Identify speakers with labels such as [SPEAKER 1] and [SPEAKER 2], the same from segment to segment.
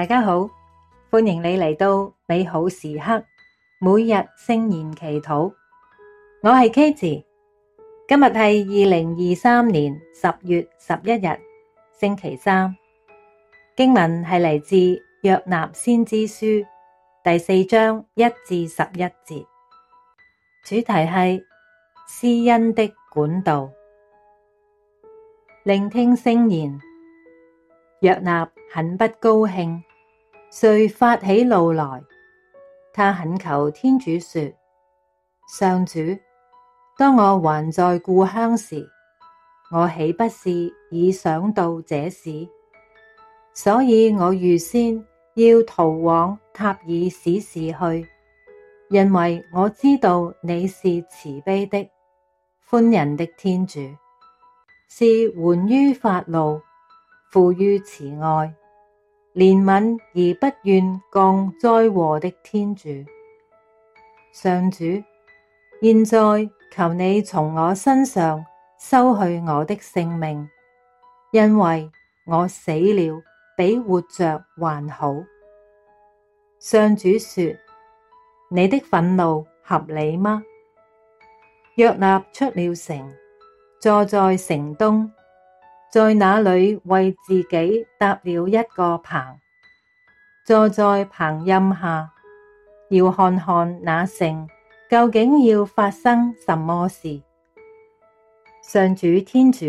[SPEAKER 1] 大家好，歡迎你嚟到美好時刻，每日聖言祈禱。我係 K 字，今日係二零二三年十月十一日星期三。經文係嚟自約納先知書第四章一至十一節，主題係施恩的管道。聆聽聖言，約納很不高興。遂發起怒來，他懇求天主說：上主，當我還在故鄉時，我豈不是已想到這事？所以我預先要逃往塔爾史士去，因為我知道你是慈悲的、寬仁的天主，是緩於發怒、富於慈愛。憐憫而不願降災禍的天主，上主，現在，求你從我身上收去我的性命，因為我死了比活着還好。上主說：你的憤怒合理嗎？約納出了城，坐在城東。在那裡為自己搭了一個棚，坐在棚蔭下，要看看那城究竟要發生什麼事。上主天主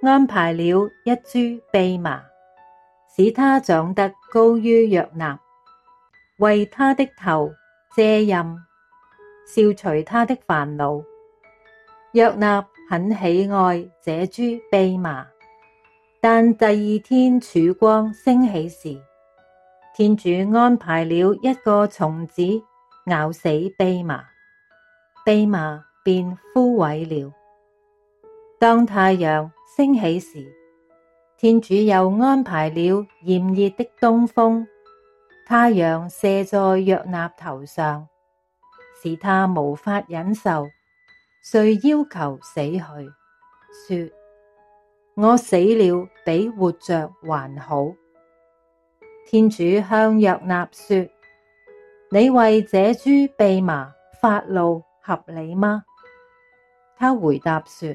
[SPEAKER 1] 安排了一株篦麻，使它長得高於約納，為他的頭遮蔭，消除他的煩惱。約納很喜愛這株篦麻。但第二天曙光升起時，天主安排了一個蟲子咬死篦麻，篦麻便枯萎了。當太陽升起時，天主又安排了炎熱的東風，太陽射在約納頭上，使他無法忍受，遂要求死去，說。我死了比活着還好！天主向約納說：你為這株篦麻發怒合理嗎？他回答說：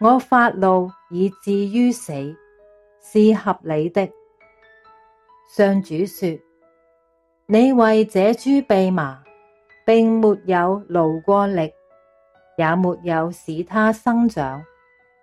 [SPEAKER 1] 我發怒以至於死是合理的！上主說：你為這株篦麻並沒有勞過力，也沒有使它生長。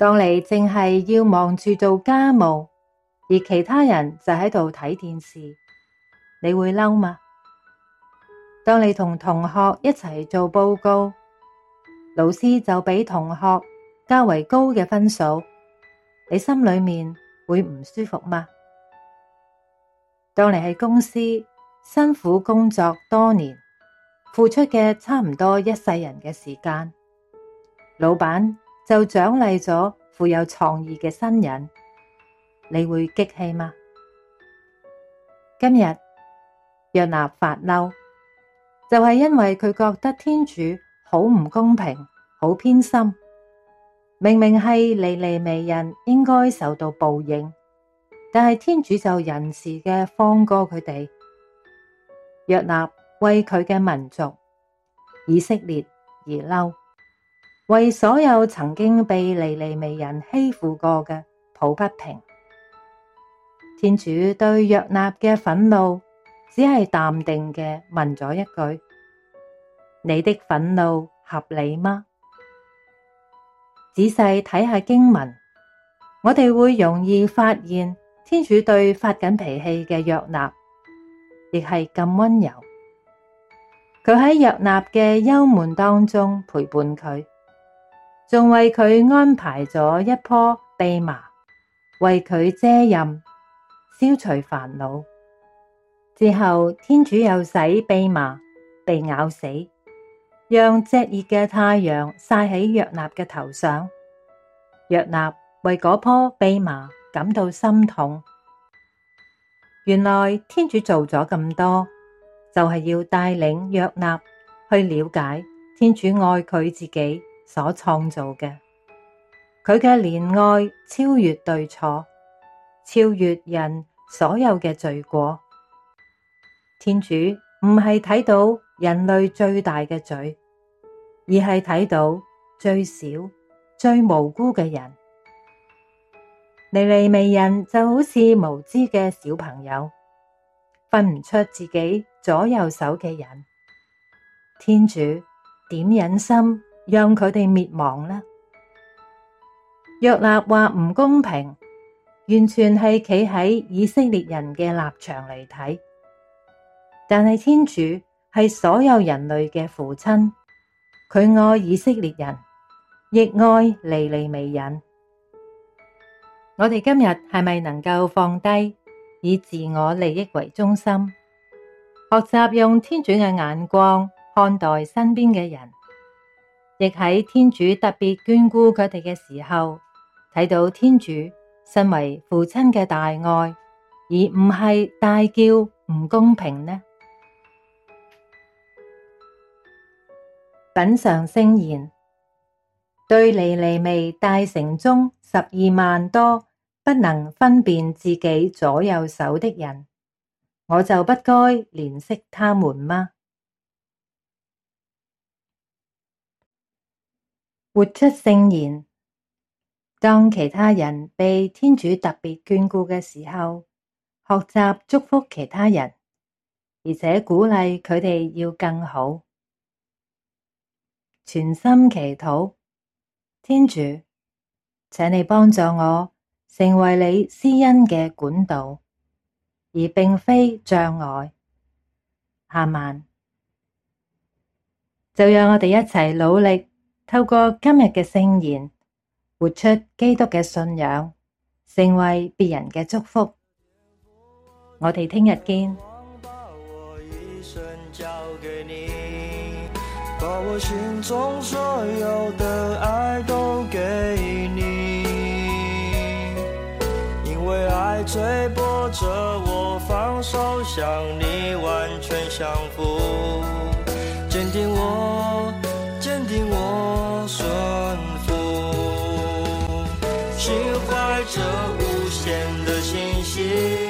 [SPEAKER 1] 當你淨係要忙住做家務，而其他人就喺度睇電視，你會嬲嗎？當你同同學一齊做報告，老師就俾同學較為高嘅分數，你心裏面會唔舒服嗎？當你喺公司辛苦工作多年，付出嘅差唔多一世人嘅時間，老闆，就獎勵咗富有創意嘅新人，你會激氣嗎？今日約納發嬲，就係、是、因為佢覺得天主好唔公平，好偏心。明明係尼尼微人應該受到報應，但係天主就仁慈嘅放過佢哋。約納為佢嘅民族以色列而嬲。為所有曾經被尼尼微人欺負過嘅抱不平，天主對約納嘅憤怒只係淡定嘅問咗一句：「你的憤怒合理嗎？仔細睇下經文，我哋會容易發現，天主對發緊脾氣嘅約納亦係咁溫柔。佢喺約納嘅憂悶當中陪伴佢。仲為佢安排咗一棵篦麻，為佢遮蔭，消除煩惱。之後天主又使篦麻被咬死，讓炙熱嘅太陽曬喺約納嘅頭上。約納為嗰棵篦麻感到心痛。原來天主做咗咁多，就係、是、要帶領約納去了解天主愛佢自己所創造嘅，佢嘅憐愛超越對錯，超越人所有嘅罪過。天主唔係睇到人類最大嘅罪，而係睇到最小、最無辜嘅人。尼尼微人就好似無知嘅小朋友，分唔出自己左右手嘅人。天主點忍心，讓佢哋滅亡啦！約納話唔公平，完全係企喺以色列人嘅立場嚟睇。但係天主係所有人類嘅父親，佢愛以色列人，亦愛尼尼微人。我哋今日係咪能夠放低以自我利益為中心，學習用天主嘅眼光看待身邊嘅人？亦喺天主特別眷顧佢哋嘅時候，睇到天主身為父親嘅大愛，而唔係大叫唔公平呢？品嘗聖言。對尼尼微大城中十二萬多不能分辨自己左右手的人，我就不該憐惜他們嗎？活出聖言。當其他人被天主特別眷顧嘅時候，學習祝福其他人，而且鼓勵佢哋要更好。全心祈禱，天主，請你幫助我成為你施恩嘅管道，而並非障礙。下晚就讓我哋一齊努力。透過今日嘅聖言，活出基督嘅信仰，成為別人嘅祝福。我哋聽日見。心懷着無限的信心。